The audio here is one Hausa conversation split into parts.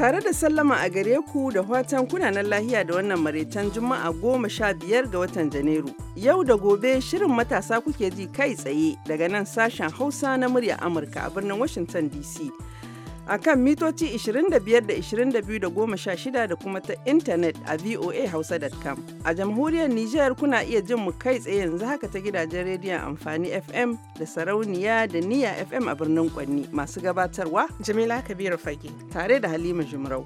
Tare da sallama a gare ku da watan kunanan lahiya da wannan maraicen Juma'a goma sha biyar ga watan Janairu. Yau da gobe shirin matasa kuke ji kai tsaye daga nan sashen Hausa na murya Amurka a birnin Washington DC. a kan mitoci 25 da 22 da 16 da kuma ta intanet a voahausa.com. A jamhuriyar Nijar kuna iya jin mu kai tsaye yanzu haka ta gidajen rediyon amfani FM da sarauniya da niya FM a birnin Kwanni masu gabatarwa Jamila Kabiru Fage tare da Halima Jumrau.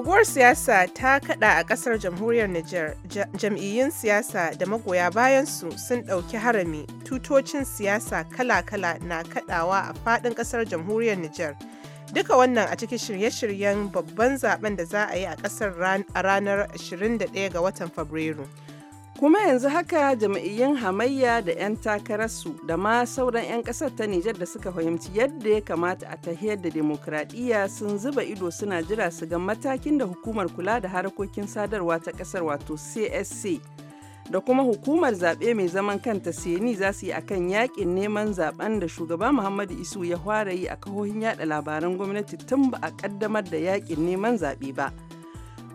Guguwar siyasa ta kada a kasar jamhuriyar Nijar, jam'iyyun siyasa da magoya bayansu sun ɗauki harami tutocin siyasa kala-kala na kadawa a faɗin kasar jamhuriyar Nijar. Duka wannan a cikin shirye-shiryen babban zaben da za a yi a kasar a ranar 21 ga watan Fabrairu. kuma yanzu haka jam'iyyun hamayya da 'yan takararsu da ma sauran 'yan ƙasar ta Nijar da suka fahimci yadda ya kamata a tahiyar da demokradiyya sun zuba ido suna jira su ga matakin da hukumar kula da harkokin sadarwa ta ƙasar wato CSC da kuma hukumar zaɓe mai zaman kanta Seni za su yi akan yaƙin neman zaɓen da shugaba Muhammadu Isu ya fara yi a kahohin yaɗa labaran gwamnati tun ba a ƙaddamar da yaƙin neman zaɓe ba.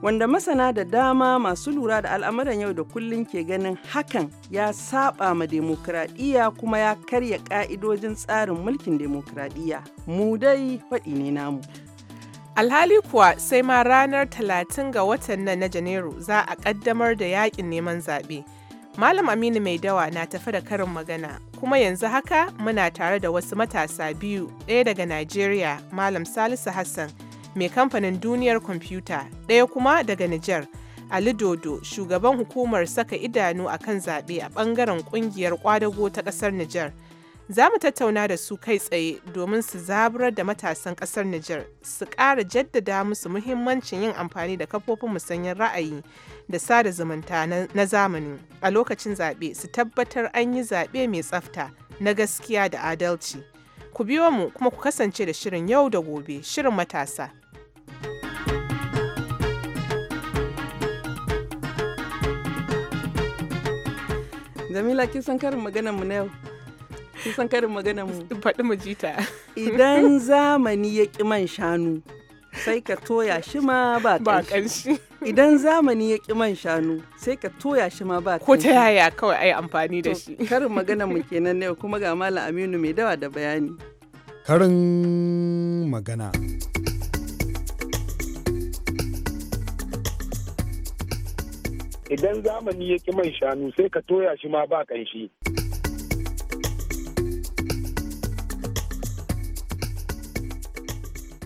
wanda masana da dama masu lura da al'amuran yau da kullum ke ganin hakan ya saba ma demokradiyya kuma ya karya ka'idojin tsarin mulkin demokradiyya mu dai faɗi ne namu alhali kuwa sai ma ranar 30 ga watan nan na janairu za a ƙaddamar da yakin neman zaɓe malam aminu mai dawa na tafi da karin magana kuma yanzu haka muna tare da wasu matasa biyu ɗaya daga najeriya malam salisu hassan mai kamfanin duniyar kwamfuta ɗaya kuma daga Nijar. Ali Dodo shugaban hukumar saka idanu a kan zaɓe a ɓangaren ƙungiyar ƙwadago ta ƙasar Nijar. Za mu tattauna da su kai tsaye domin su zaburar da matasan ƙasar Nijar su ƙara jaddada musu muhimmancin yin amfani da kafofin musanyen ra'ayi da sada zumunta na zamani a lokacin zaɓe su tabbatar an yi zaɓe mai tsafta na gaskiya da adalci. Ku biyo mu kuma ku kasance da shirin yau da gobe shirin matasa. Jamila kin san karin maganar mu na yau. Kin san karin maganar mu. Faɗi mu jita. Idan zamani ya ƙi man shanu sai ka toya shi ma ba ƙanshi. Idan zamani ya ƙi man shanu sai ka toya shi ma ba ƙanshi. Ko ta yaya kawai ai amfani da shi. Karin maganar mu kenan ne kuma ga Malam Aminu mai dawa da bayani. Karin magana. idan zamani ya ƙi man shanu sai ka toya shi ma ba ƙanshi.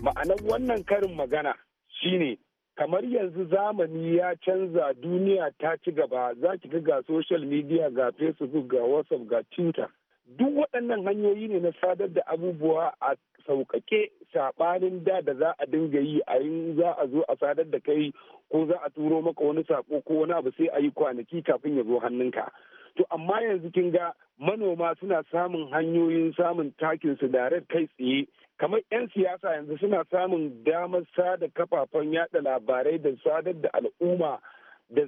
Ma'anar wannan karin magana shine kamar yanzu zamani ya canza duniya ta ci gaba za ki ga social media ga facebook ga whatsapp ga twitter duk waɗannan hanyoyi ne na sadar da abubuwa a sauƙaƙe saɓanin da da za a dinga yi a yin za a zo a sadar da kai ko za a turo maka wani saƙo ko wani abu sai a yi kwanaki kafin ya zo hannunka to amma yanzu kin ga manoma suna samun hanyoyin samun takin su direct kai tsaye kamar 'yan siyasa yanzu suna samun damar sada kafafen yada labarai da sadar da al'umma da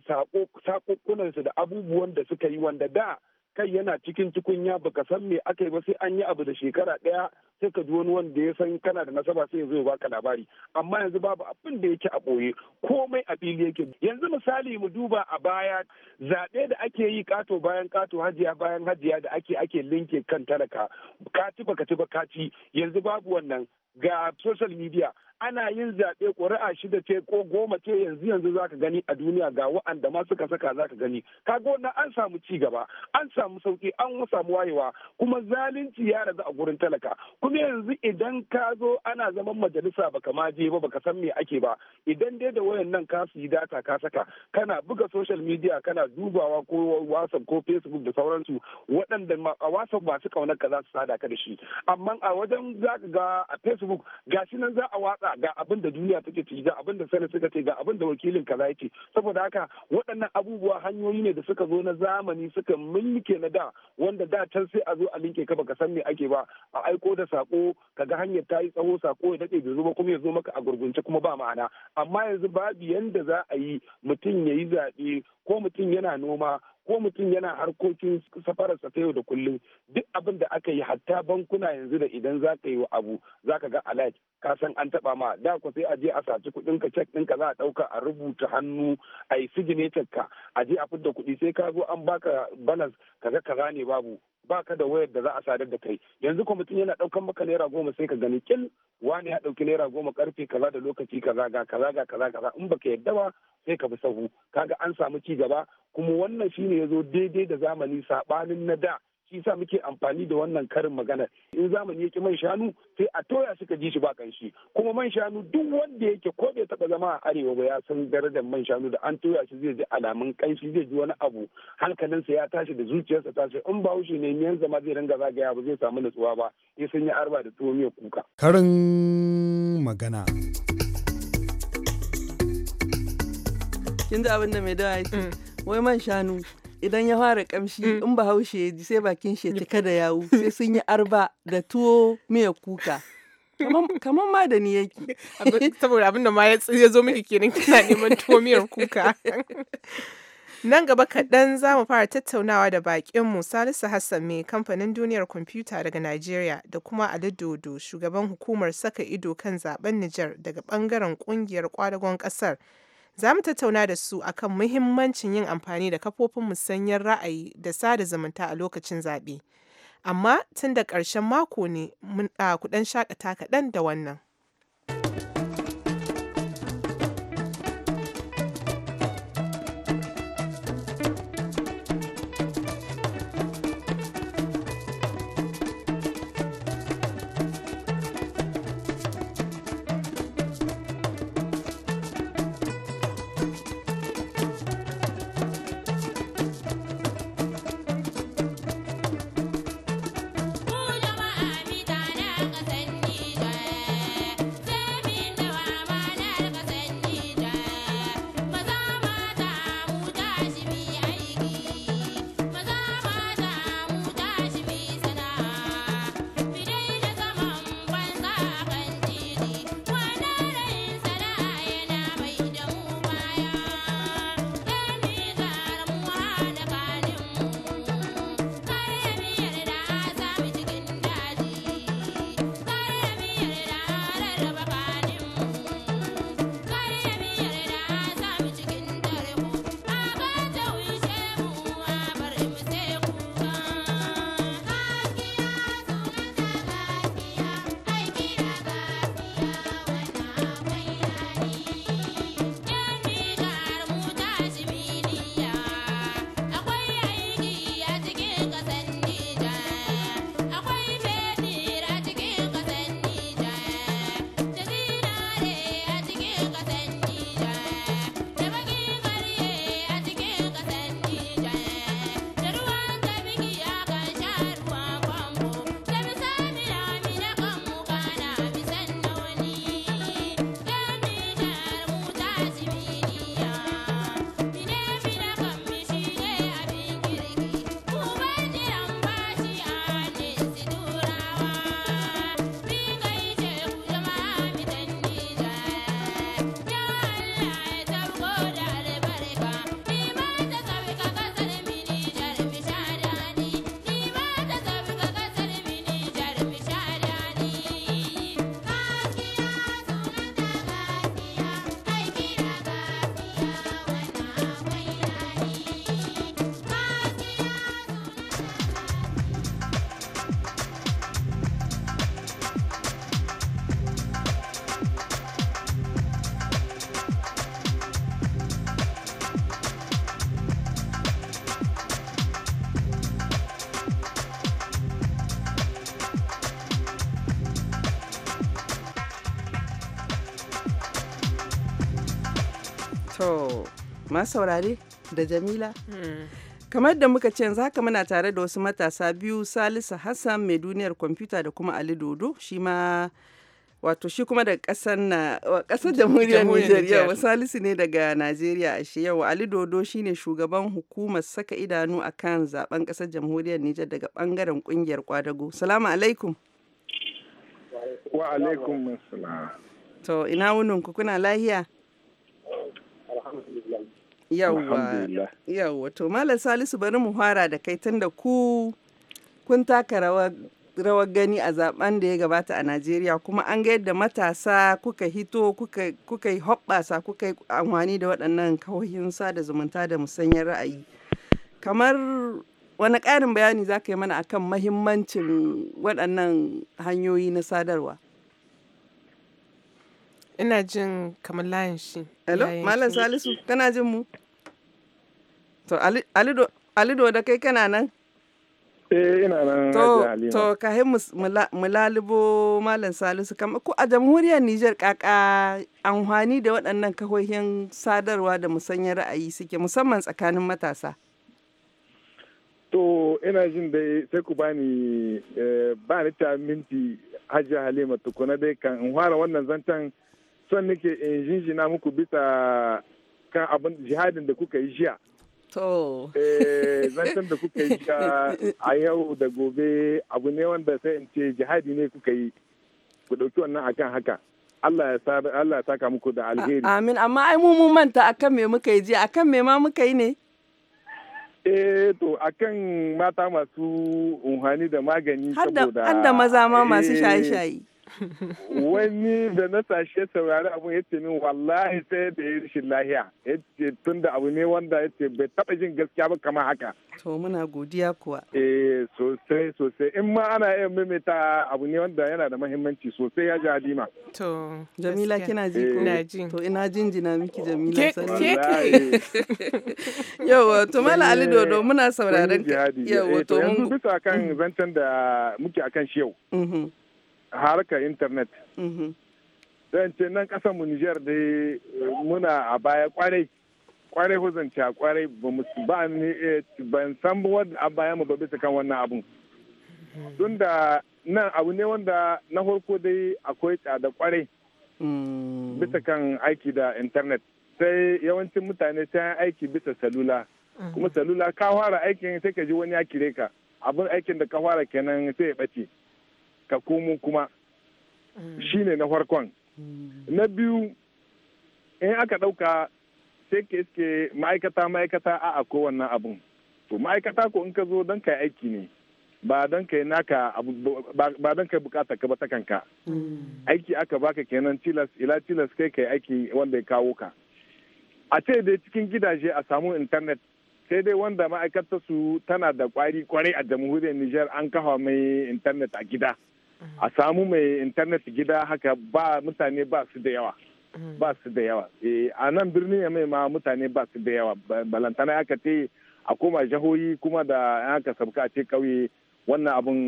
sakokunansu da abubuwan da suka yi wanda da kai yana cikin tukunya baka san me aka yi ba sai an yi abu da shekara ɗaya sai ka ji wani wanda ya san kana da nasaba sai ya zo ya baka labari amma yanzu babu abin da yake a ɓoye komai a fili yake yanzu misali mu duba a baya zaɓe da ake yi kato bayan kato hajiya bayan hajiya da ake ake linke kan talaka kaci baka ci ba kaci yanzu babu wannan ga social media ana yin zaɓe ƙuri'a shida ce ko goma ce yanzu yanzu za ka gani a duniya ga wa'anda ma suka saka za ka gani kaga wannan an samu ci gaba an samu sauki an samu wayewa kuma zalunci ya razu a gurin talaka kuma yanzu idan ka zo ana zaman majalisa baka ma je ba baka san me ake ba idan dai da wayan nan ka yi data ka saka kana buga social media kana dubawa ko whatsapp ko facebook da sauransu waɗanda a whatsapp masu ƙaunar ka za su sada ka da shi amma a wajen za ka ga a facebook facebook ga shi nan za a watsa ga abin da duniya take ci ga abin da sanar suka ce ga abin da wakilin kaza yake ce saboda haka waɗannan abubuwa hanyoyi ne da suka zo na zamani suka mulke na da wanda da can sai a zo a linke ka baka san me ake ba a aiko da sako kaga hanyar ta yi tsawo sako ya dade bai zo ba kuma ya zo maka a gurgunce kuma ba ma'ana amma yanzu babu yanda za a yi mutum ya yi zaɓe ko mutum yana noma ko mutum yana harkokin safararsa ta yau da kullum duk abin da aka yi hatta bankuna yanzu da idan za ka yi abu za ka ga alert ka san an taba ma da ku sai a je a saci kuɗin ka cek ɗinka za a ɗauka a rubuta hannu a yi signature ka a je a fidda kuɗi sai ka zo an baka balance kaga kaza ne babu ba ka da wayar da za a sadar da kai yanzu kwamitin mutum yana daukan maka naira goma sai ka gani kil wani ya dauki naira goma karfe kaza da lokaci kaza ga kaza ga kaza kaza in baka yadda ba sai ka bi sahu kaga an samu ci gaba kuma wannan shine yazo daidai da zamani sabanin na da shi sa muke amfani da wannan karin magana in zamani yake man shanu sai a toya suka ji shi ba kanshi kuma man shanu duk wanda yake ko bai taba zama a arewa ba ya san darajar man shanu da an toya shi zai ji alamun kanshi zai ji wani abu hankalinsa ya tashi da zuciyarsa ce in ba wuce ne miyan zama zai ringa zagaya ba zai samu nutsuwa ba ya sun yi arba da tuwo miya kuka karin magana kin ji abin da mai dawa mm. wai man shanu idan ya fara kamshi mm. in ba haushe ya ji sai bakin shi ya cika da yawu sai sun yi arba da tuwo miya kuka kamar ma da ni yake saboda abinda ma ya zo miki kenan kina neman tuwo miyar kuka nan gaba kaɗan za mu fara tattaunawa da baƙinmu salisu hassan mai kamfanin duniyar kwamfuta daga najeriya da kuma aladodo dodo shugaban hukumar saka ido kan zaben nijar daga ɓangaren ƙungiyar kwadagon ƙasar Za mu tattauna da su akan muhimmancin yin amfani da kafofin musanyar ra'ayi da sada zumunta a lokacin zaɓe. Amma tun da ƙarshen mako ne, mun ah, ku kuɗin shakata kaɗan da wannan. masu saurare da jamila hmm. kamar da muka ce yanzu haka muna tare da wasu matasa biyu salisu hassan mai duniyar kwamfuta da kuma ali dodo shi ma wato shi kuma daga kasar na kasar jamhuriyar wa Salisu ne daga Najeriya a shi yau Ali Dodo shine shugaban hukumar saka idanu a kan zaben kasar jamhuriyar Nijar daga bangaren kungiyar kwadago salamu alaikum wa alaikum assalam to ina wunin ku kuna lahiya Yawwa. Yawwa. To Malam Salisu bari mu fara da kai tunda ku kun taka rawar gani a zaben da ya gabata a Najeriya kuma an ga yadda matasa kuka hito kuka yi hoɓɓasa kuka yi amfani da waɗannan kawohin sada zumunta da musanyar ra'ayi. Kamar wani ƙarin bayani za ka yi mana akan mahimmancin waɗannan hanyoyi na sadarwa? ina jin kamar layin shi hello malam salisu kana jin mu to alido alido da kai kana nan eh ina nan to to ka hi mulalibo malam salisu kamar ko a jamhuriyar Nijar kaka amfani da waɗannan kahohin sadarwa da musanyar ra'ayi suke musamman tsakanin matasa To ina jin dai sai ku bani eh, ba ni ta minti hajji halima tukuna dai kan in fara wannan zancen son nake in jinjina muku bisa kan abin jihadin da kuka yi jiya To. Eh, zancen da kuka yi a yau da gobe abu ne wanda sai in ce jihadi ne kuka yi ku ɗauki wannan akan haka. Allah ya saka muku da alheri. Amin, amma ai mu mu manta akan me muka yi jiya, akan me ma muka yi ne? Eh to akan mata masu unhani da magani saboda. Har da maza ma masu eh, shaye-shaye. wani da na sashe saurari abu ya ce min wallahi sai da ya rishin lahiya ya ce tun da abu ne wanda ya ce bai taba jin gaskiya ba kamar haka to muna godiya kuwa eh sosai sosai in ma ana iya maimaita abu ne wanda yana da mahimmanci sosai ya ji halima to jamila kina ji ko eh. na ji to ina jinjina miki jamila sani yawa to mala ali dodo muna sauraron yawa eh, to mun bisa kan mm. zancen da muke akan shi yau mm-hmm. harkar internet. Mhm. Zan ce nan kasa mu Nijar da eh, muna a baya kwarai. Kwarai a kwarai ba eh, ban san wadda a baya mu ba bisa kan wannan abun. Mhm. Tun da nan abu ne wanda na farko dai akwai tsada kwarai. Mm. Bisa kan aiki da internet. Sai yawancin mutane sai aiki bisa salula. Kuma mm. salula ka fara aikin sai ka ji wani ya kire ka. Abin aikin da ka fara kenan sai ya ɓace. ka komo kuma mm. shi ne na farkon mm. na biyu in aka ɗauka sai ke iske ma'aikata ma'aikata a ko wannan abun to ma'aikata ko in ka zo don ka aiki ne ba don ka naka bukata ka ba ta kanka mm. aiki aka baka kenan tilas ila tilas kai kai aiki wanda ya kawo ka a ce dai cikin gidaje a samu intanet sai dai wanda ma'aikatar su tana da kwari kwarai a jamhuriyar Nijar an kafa mai intanet a gida. a samu mai intanet gida haka ba mutane ba su da yawa mm. ba su da yawa eh, a nan birnin ya mai ma mutane ba su da yawa balantana aka ce a koma jahohi kuma da aka sabka a ce kauye wannan abun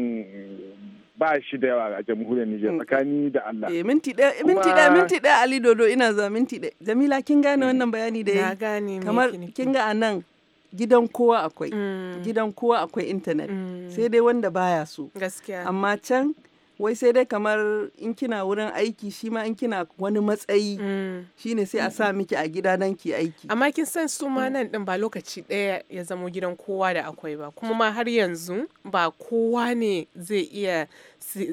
ba shi da yawa a jamhuriyar Nijar mm. tsakani da Allah. Eh, minti ɗaya eh, minti ɗaya minti ɗaya Ali Dodo ina za minti ɗaya. Jamila kin gane wannan bayani da yi. Na gane kamar kin ga anan gidan kowa akwai. Mm. Gidan kowa akwai intanet. Sai dai wanda baya so. Gaskiya. Amma can wai sai dai kamar in kina wurin aiki shi ma in kina wani matsayi mm. shine sai a sa miki a gida nan ki aiki amma kin san su ma mm. nan din ba lokaci ɗaya ya zamo gidan kowa da akwai ba kuma ma har yanzu ba kowa ne zai iya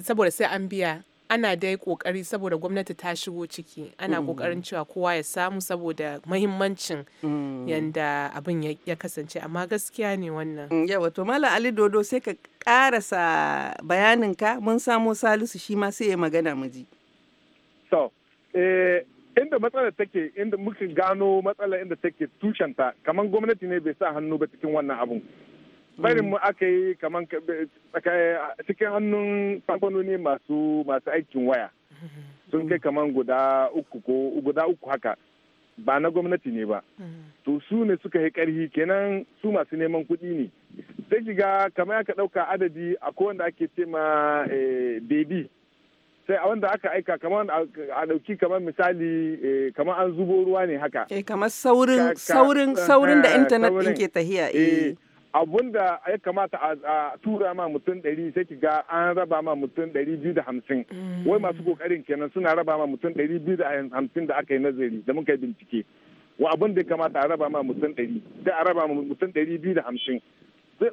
saboda sai an biya ana dai kokari saboda gwamnati ta shigo ciki ana kokarin mm. cewa kowa ya samu saboda mahimmancin mm. yanda abin ya kasance amma gaskiya ne wannan mm, yawa to mala ali dodo sai ka karasa bayaninka mun samo salisu shi ma sai ya magana mu ji so eh, inda matsalar take inda muka gano matsalar inda take tushenta kamar gwamnati ne bai sa hannu ba cikin wannan abun barin mu aka yi kaman cikin hannun kamfanoni masu masu aikin waya sun kai kaman guda uku ko guda uku haka ba na gwamnati ne ba to su ne suka yi karhi kenan su masu neman kuɗi ne sai shiga kamar aka ɗauka adadi a wanda ake ce ma eh, baby sai a wanda aka aika kamar a ɗauki kamar misali eh, kamar an zubo ruwa ne haka eh, kamar saurin saurin da intanet ɗin ke tahiya eh abun da ya kamata a tura ma mutum ɗari sai ki ga an raba ma mutum ɗari biyu da hamsin mm. wai masu kokarin kenan suna raba ma mutum ɗari biyu da hamsin da aka yi nazari da muka yi bincike wa abun da ya kamata a raba ma mutum ɗari da a raba ma mutum ɗari biyu da hamsin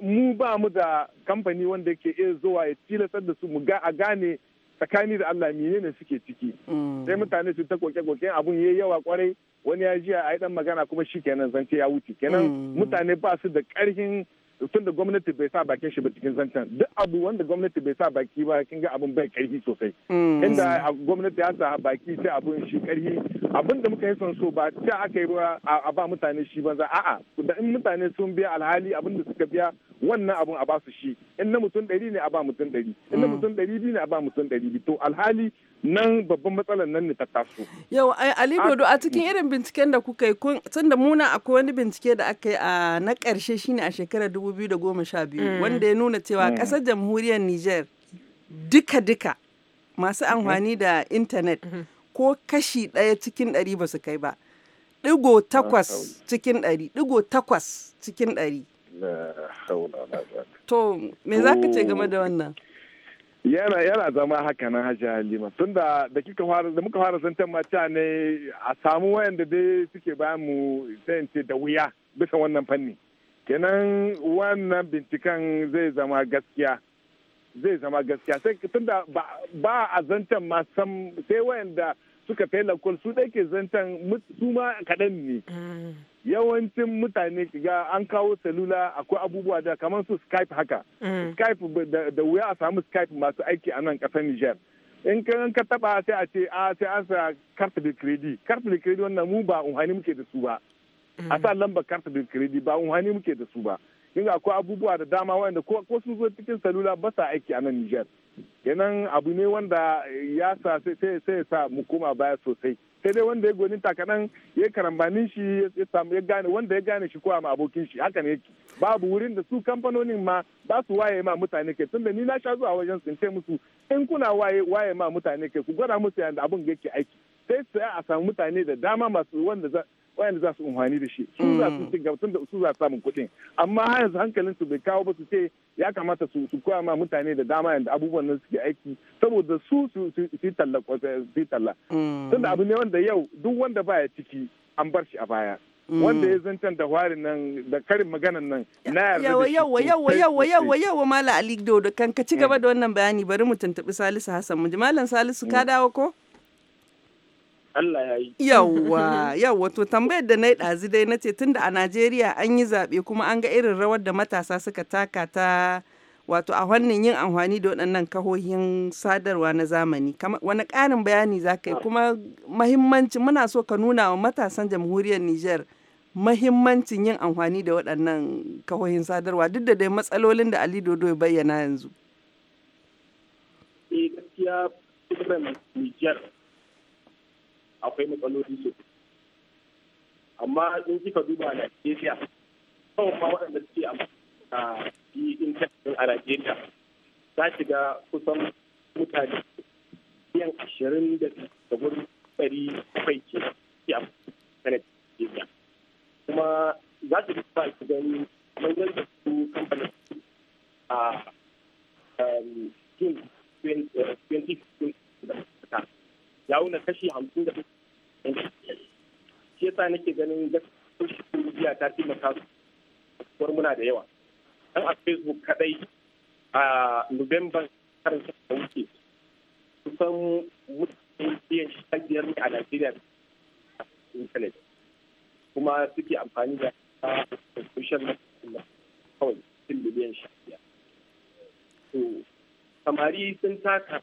mu ba mu da kamfani wanda ke iya zuwa ya tilastar da su mu ga a gane tsakani da Allah menene suke ciki mm. sai mutane su ta koke koken abun yayi yawa kwarai wani ya ji a yi dan magana kuma shi kenan zance ya wuce kenan mm. mutane ba su da ƙarfin. tun da gwamnati bai sa bakin shi ba cikin zancen duk abu wanda gwamnati bai sa baki ba kin ga abun bai karfi sosai hmm. inda gwamnati ya sa baki sai abun shi karfi abin da muka yi son so ba ta aka yi ba a ba mutane shi banza a'a da in mutane sun biya alhali abin da suka biya wannan abun a ba su shi in na mutum ɗari ne a ba mutum ɗari in na hmm. mutum ɗari biyu ne a ba mutum ɗari biyu to alhali nan babban matsalar nan ne ta taso. Yau, Ali Dodo a hmm. cikin irin binciken da kuka yi tun da muna akwai wani bincike da aka yi a na ƙarshe shine a shekarar dubu 2012 mm. wanda ya nuna cewa kasar mm. jamhuriyar Nijar duka-duka masu mm-hmm. amfani da intanet mm-hmm. ko kashi ɗaya cikin ɗari ba su kai ba. Ɗigo takwas ah, cikin ɗari, ɗigo takwas cikin ɗari. To, me za ka ce game da wannan? yana yana zama haka na hajji halima tun da da kika fara da muka fara zantar mata ne a samu wayanda dai suke ba mu ce da wuya bisa wannan fanni kenan wannan binciken zai zama gaskiya zai zama gaskiya sai tunda ba a zantan ma sam sai wayanda suka kai lakol su dai ke zantan su ma kaɗan ne mm. yawancin mutane ga an kawo salula akwai abubuwa da kamar su skype haka mm. skype da wuya a samu skype masu aiki a nan ƙasar niger in kan ka taba sai a ce a ah, sai an sa karta da kredi karta da kredi wannan mu ba unhani muke da su ba a mm. sa lambar karta da kiredi ba unhani muke da su ba kin akwai abubuwa da dama wanda ko sun zo cikin salula ba sa aiki a nan Niger kenan abu ne wanda ya sa sai sai sa mu koma baya sosai sai dai wanda ya goni takadan ya karambanin shi ya samu ya gane wanda ya gane shi ko a abokin shi haka ne yake babu wurin da su kamfanonin ma ba su waye ma mutane ke tunda ni na sha zuwa wajen sun ce musu in kuna waye waye ma mutane ke ku gwada musu yanda abun yake aiki sai sai a samu mutane da dama masu wanda wayanda za su umarni da shi su za su mm. cin gaba tunda su za su samun kuɗin amma har yanzu hankalin su bai kawo ba su ce ya kamata su su koya ma mutane da dama yanda abubuwan nan suke aiki saboda su su su talla eh, su talla mm. tunda abu ne wanda yau duk wanda baya ciki an bar shi a baya mm. wanda ya zancen da warin nan da karin maganan nan na yarda yawa yawa yawa yawa yawa yawa mala ali dodo kan ka ci gaba eh. da wannan bayani bari mu tuntubi salisu hassan mu malam salisu ka dawo ko Allah ya yi. Yawwa, yawwa to tambayar da na yi ɗazi dai na ce tunda a Najeriya an yi zaɓe kuma an ga irin rawar da matasa suka taka ta wato a wannan yin amfani da waɗannan kahohin sadarwa na zamani. Wani ƙarin bayani za ka yi ah. kuma mahimmancin muna so ka nuna wa matasan jamhuriyar Nijar mahimmancin yin amfani da waɗannan kahohin sadarwa duk da dai matsalolin da Ali Dodo ya bayyana yanzu. Eh, akwai matsaloli su amma in kika duba Nigeria kawai ma waɗanda suke a yi intanet a Nigeria za shiga ga kusan mutane biyan ashirin da gurin ɗari bakwai ke ke a intanet Nigeria kuma za su ba ki gani manyan ah, um, da su kamfani a 2015 da ya wuna kashi hamsin da shi yasa nake ganin gaskiya ta taimaka su muna da yawa dan a facebook kadai a november karin da wuce kusan mutane biyan shi biyar ne a najeriya internet kuma suke amfani da social media kawai cikin miliyan sha biyar samari sun taka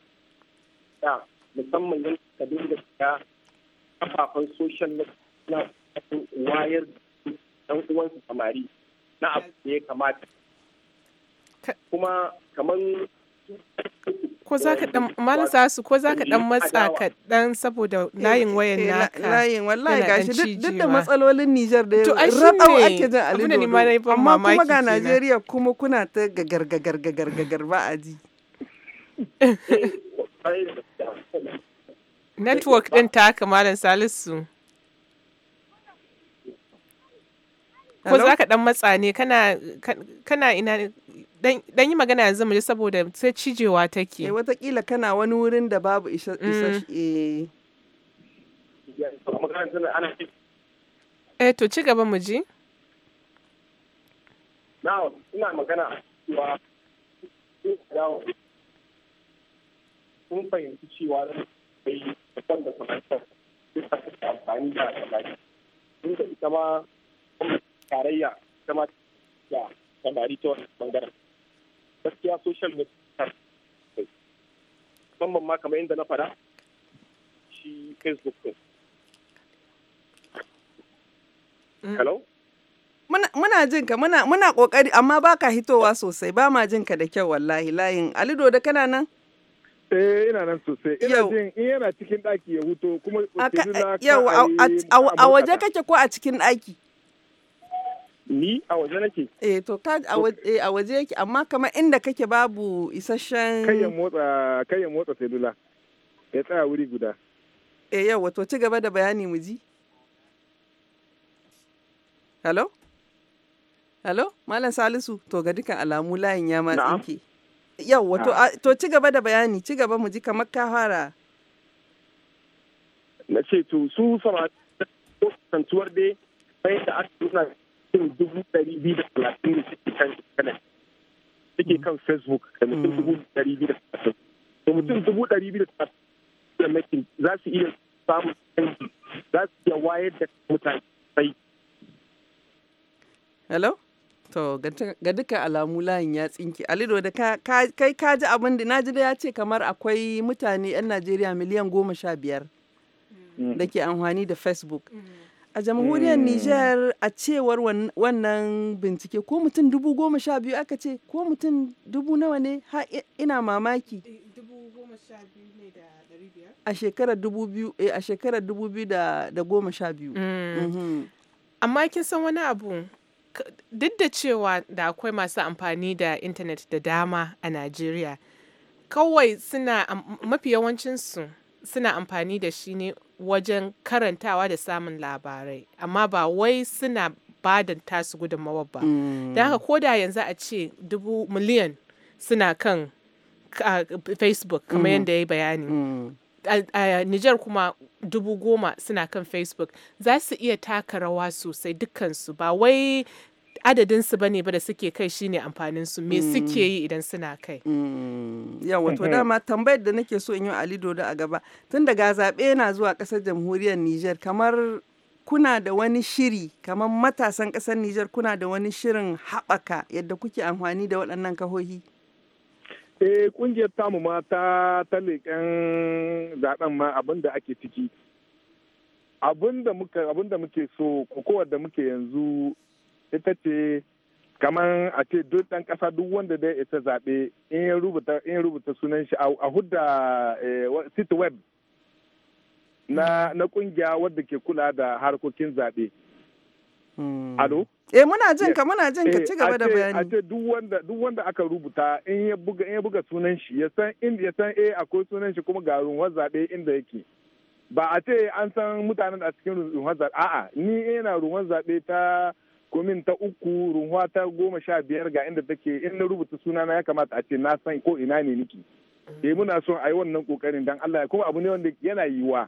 da musamman yan kadin da ya kafafen social na wayar dan uwansu samari na abu da ya kamata kuma kamar ko za ka dan malasa su ko za ka dan matsa ka dan saboda layin eh, wayan eh, na layin wallahi gashi duk da matsalolin Niger da radau ake jin alido amma kuma ga Najeriya kuma kuna ta gagar gagar gagar gagar ba a ji network ɗin ta haka malam salisu ko za ka ɗan matsa ne kana ina dan yi magana yanzu mu saboda sai cijewa take eh watakila kana wani wurin da babu isa mm. isa eh eh to ci gaba mu ji na ina magana sun fahimci cewa zan kai kan da sanarwar duka suke amfani da samari sun da ita ma tarayya ita ma ta samari ta wani bangaren gaskiya social media musamman ma kamar yadda na fada shi facebook din mm. hello muna jin ka muna kokari amma baka hitowa sosai ba ma jin ka da kyau wallahi layin alido da kana nan Eh ina nan sosai. Ina jin in yana cikin ɗaki ya huto kuma Yau a waje kake ko a cikin ɗaki? Ni a waje nake. Eh to ka eh, a waje yake amma kamar inda kake babu isasshen Kai ya motsa kai ya motsa selula. Ya tsaya wuri guda. Eh yau wato ci gaba da bayani mu ji. Hello? Hello? Malam Salisu to ga dukan alamu layin ya ma tsinke. Yawwa ah. to ci gaba da bayani ci gaba mu ji kamar ka fara. Na ce to su sama da kusantuwar dai bayan da aka nuna cikin dubu ɗari biyu da talatin da suke kan internet suke mm. kan facebook da mm. mutum dubu ɗari biyu da talatin da mutum dubu ɗari biyu da talatin da makin za su iya samun canji za su iya wayar da mutane sai. Hello? To ga duka alamu layin ya tsinki. Alido da kai ka ji abin da na ji da ya ce kamar akwai mutane 'yan Najeriya miliyan goma sha biyar mm. da ke amfani da Facebook. Mm. A jamhuriyar mm. Nijar a cewar wannan bincike ko mutum dubu goma sha biyu aka ce ko mutum dubu nawa ne ha ina mamaki. Eh, a shekarar dubu biyu eh, a shekarar dubu biyu da goma sha biyu. Mhm. Amma kin san wani abu duk da cewa da akwai masu amfani da intanet da dama a Najeriya, kawai suna mafi yawancinsu suna amfani da shi ne wajen karantawa da samun labarai, amma ba wai suna ba mm. da tasu gudunmawa ba. Da haka koda yanzu a ce dubu miliyan suna kan Facebook kamar mm. yadda ya yi bayani. Mm. a Nijar kuma dubu goma suna kan Facebook za su iya taka rawa sosai dukkansu ba wai adadin su bane ba da suke kai shine amfanin su me mm. suke yi idan suna kai mm. ya wato dama tambayar da nake so in yi Ali Dodo a gaba tun daga zaɓe na zuwa kasar jamhuriyar Nijar kamar kuna da wani shiri kamar matasan ƙasar Nijar kuna da wani shirin haɓaka yadda kuke amfani da waɗannan kahohi eh kungiyar tamu ma ta ta leƙen zaɓen ma abin da ake ciki abin da muke so kokowar da muke yanzu ita ce kamar a ce duk ɗan ƙasa duk wanda dai isa zaɓe in rubuta in rubuta sunan shi a hudda site eh, web na na kungiya wadda ke kula da harkokin zaɓe Hmm. Alo? Eh muna jin ka muna jin ka eh, ci gaba da bayani. Ace duk wanda duk wanda aka rubuta in ya buga in ya buga sunan shi ya san inda ya san eh akwai sunan shi kuma ga runwar zabe inda yake. Ba a ce an san mutanen a cikin runwar zabe a'a ni ina runwar zabe ta komin ta uku ruwa ta goma sha biyar ga inda take in na rubuta sunana ya kamata a ce na san ko ina ne niki. Eh muna son a yi wannan kokarin dan Allah kuma abu ne wanda yana yiwa.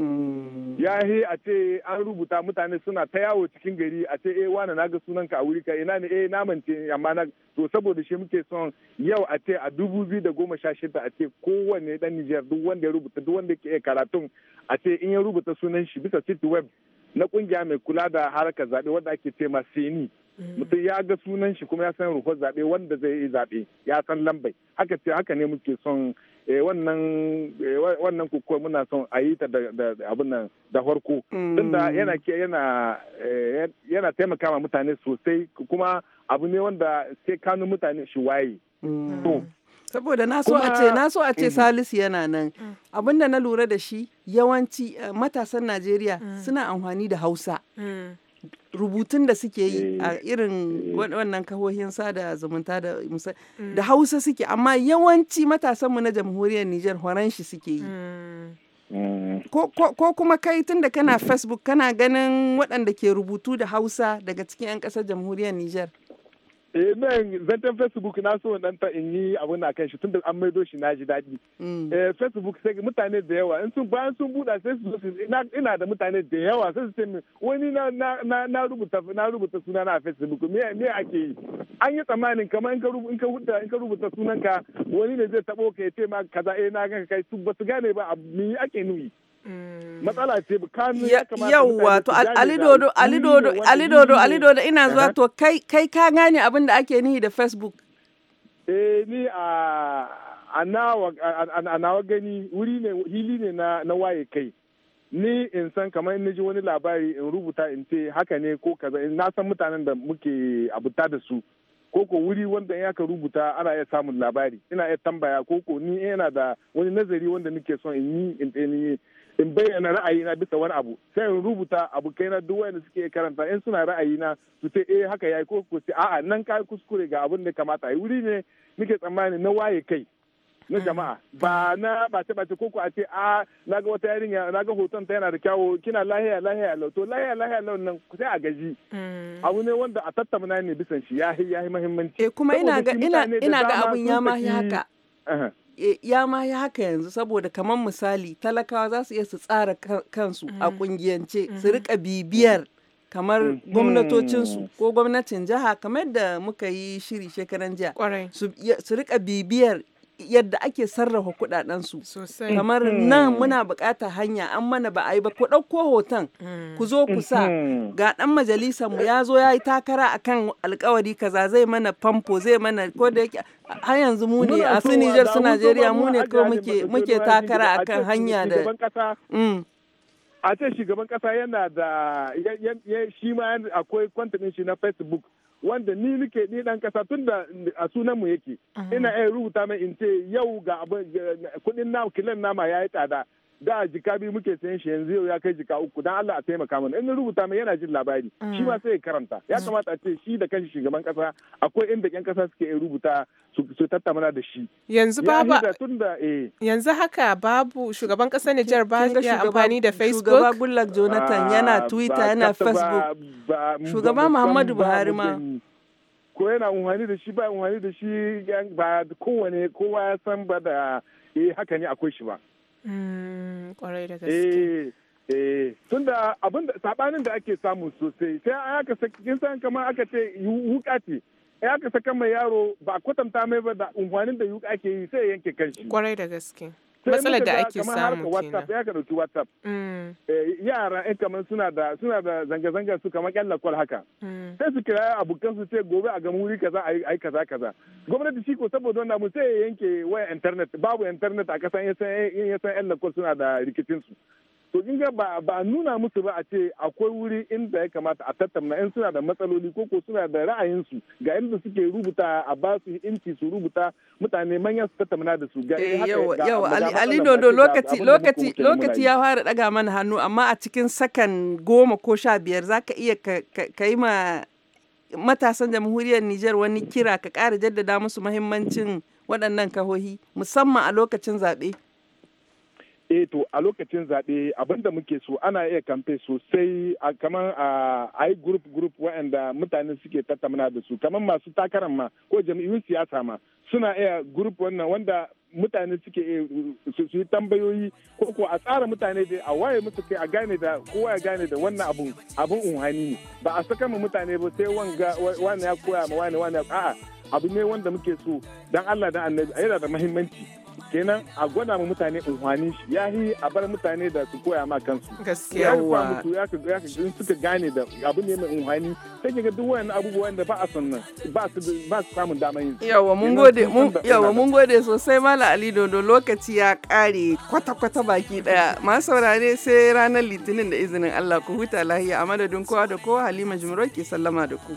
Mm. ya he a ce an rubuta mutane suna ta yawo cikin gari a ce eh wani na ga sunanka a wuri ka ina ne eh na mance amma na to saboda shi muke son yau a ce a dubu biyu da goma sha shida a ce kowane dan Nijar duk wanda ya rubuta duk wanda ke karatun a ce in ya rubuta sunan shi bisa city web na kungiya mai kula da harkar zabe wanda ake ce ma seni mm. mutum ya ga sunan shi kuma ya san rufar zaɓe wanda zai yi zabe ya san lambai haka ce haka ne muke son Eh, eh, wannan kukuwa muna son a yi ta da abin da farko mm. tunda yana yana eh, taimaka ma mutane sosai kuma abu ne wanda sai kanu mutane shi waye mm. saboda na a na a ce mm. salisu yana nan abinda na lura da shi yawanci matasan najeriya suna amfani da hausa rubutun da suke yi eh, a irin eh. wannan kahohin sada zumunta da musa mm. da hausa suke amma yawanci matasanmu na jamhuriyar Nijar shi suke yi. Mm. Ko kuma kai tun da kana Facebook kana ganin waɗanda ke rubutu da Hausa daga cikin 'yan ƙasar jamhuriyar Nijar. eh nan zantan facebook na so dan ta in yi abu a kan shi tunda an maido shi na ji daɗi mm. eh facebook sai mutane da yawa in sun bayan sun buɗa sai su ina ina da mutane da yawa sai su ce wani na na na rubuta na rubuta suna na facebook me me ake yi an yi tsammanin kamar in ka rubuta in ka rubuta in ka rubuta sunanka wani ne zai tabo ka ya ce ma kaza eh na ganka kai su ba su gane ba me ake nuni Mm. matsala ce bukami ya kamata alidodo alidodo alidodo ina zuwa to kai kai ka gane abin da ake nihi da facebook eh ni a anawa nawa gani wuri ne hili ne na na waye kai ni in san kamar in ji wani labari in rubuta in ce haka ne ko kaza na san mutanen da muke abuta da su ko ko wuri wanda in aka rubuta ana iya samun labari ina iya tambaya ko ko ni yana da wani nazari wanda nake son in yi in in bayyana ra'ayina bisa wani abu sai in rubuta abu na duk wanda suke karanta in suna ra'ayina su ce eh haka yayi ko ku ce a'a nan kai kuskure ga abin da kamata yi wuri ne nake tsammani na waye kai na jama'a ba na bace bace ko ku a ce a naga wata yarinya naga hoton ta yana da kyawo kina lahiya lahiya lau to lahiya lahiya lau nan sai a gaji hmm. abu ne wanda a tattauna ne bisan shi yahi yahi muhimmanci eh kuma ina ga ina ga abun ya mahi haka Eh, ya ma yi haka yanzu saboda kamar misali talakawa za su iya su tsara kansu a kungiyance mm-hmm. su mm-hmm. rika bibiyar kamar mm-hmm. gwamnatocinsu ko gwamnatin jiha kamar da muka yi shiri shekaran jiya su rika bibiyar yadda ake sarrafa kuɗaɗensu. Sosai. Kamar mm-hmm. nan muna buƙatar hanya an mana ba a yi ba ku ɗauko hoton ku zo ku sa mm-hmm. ga ɗan majalisar mu ya zo ya yi takara akan alkawari kaza zai mana famfo zai mana ko da yake har yanzu mu ne a su Niger su Najeriya mu ne ko muke takara akan hanya da. Mm. A ce shugaban kasa yana da shi ma akwai kwantanin shi na Facebook. wanda ni nike ni dan kasa tun da a sunanmu yake ina iya rubuta mai in ce yau ga abin kudin na kilan nama ya yi tsada da jika biyu muke sayan shi yanzu yau ya kai jika uku dan Allah a taimaka mana in rubuta mai yana jin labari mm. shi ma sai ya karanta ya kamata a ce shi da kanshi shugaban kasa akwai inda yan kasa suke rubuta su tattauna da shi yanzu babu eh. yanzu haka babu shugaban kasa Nijar ba ya amfani da Facebook shugaba Goodluck Jonathan yana Twitter yana Facebook shugaba Muhammadu Buhari ma ko yana amfani da shi ba amfani da shi ba kowane kowa ya san ba da eh haka ne akwai shi ba Mm, kwarai da eh, gaske. Eh, tunda abin da sabanin da ake samu sosai sai aka kin san kamar aka ce wuka ce ya aka saka mai yaro ba kwatanta mai ba da umfanin da yuka ake yi sai yanke kanshi. Kwarai da gaske. matsalar da ake samu kenan ya ka dauki whatsapp mm. eh, yara in kamar suna da suna da zanga-zanga su kamar yan lakwal haka mm. sai su kira abokan su ce gobe a gamu wuri kaza a yi kaza kaza gwamnati shi ko saboda wannan mu sai ya yanke waya internet babu internet a kasan yasan ya san yan lakwal suna da rikicin su to kin ga ba a nuna musu ba a ce akwai wuri inda ya kamata a tattauna in suna da matsaloli ko ko suna da ra'ayinsu ga inda suke rubuta a ba su inci su rubuta mutane manya su tattauna da su ga eh, yawa ali dodo lokaci lokaci lokaci ya fara daga mana hannu amma a cikin sakan goma ko sha biyar zaka iya ka yi ma matasan jamhuriyar Nijar wani kira ka ƙara jaddada musu mahimmancin waɗannan kahohi musamman a lokacin zaɓe. eh to a lokacin zaɓe abinda muke so ana iya kamfe sosai a kamar a yi group group waɗanda mutane suke tattamana da su kamar masu takarar ma ko jam'iyyun siyasa ma suna iya group wannan wanda mutane suke eh, su yi tambayoyi ko ko a tsara mutane dai a waye musu kai a gane da kowa ya gane da wannan abun abun unhani ne ba a saka mu mutane ba sai wanga wani ya koya ma wani wani a'a abu ne wanda muke so dan Allah dan annabi a yana da muhimmanci kenan a gwada mu mutane unhwani shi ya yi a bar mutane da su koya ma kansu gaskiya wa ya ka ya ka suka gane da abu ne mai unhwani sai ga duk wayannan abubuwan da ba a son nan ba su ba su samun damar yin yawa mun gode yawa mun gode sosai mala ali dodo lokaci ya kare kwata kwata baki daya ma saurare sai ranar litinin da izinin Allah ku huta lahiya a madadin kowa da kowa Halima Jumro ke sallama da ku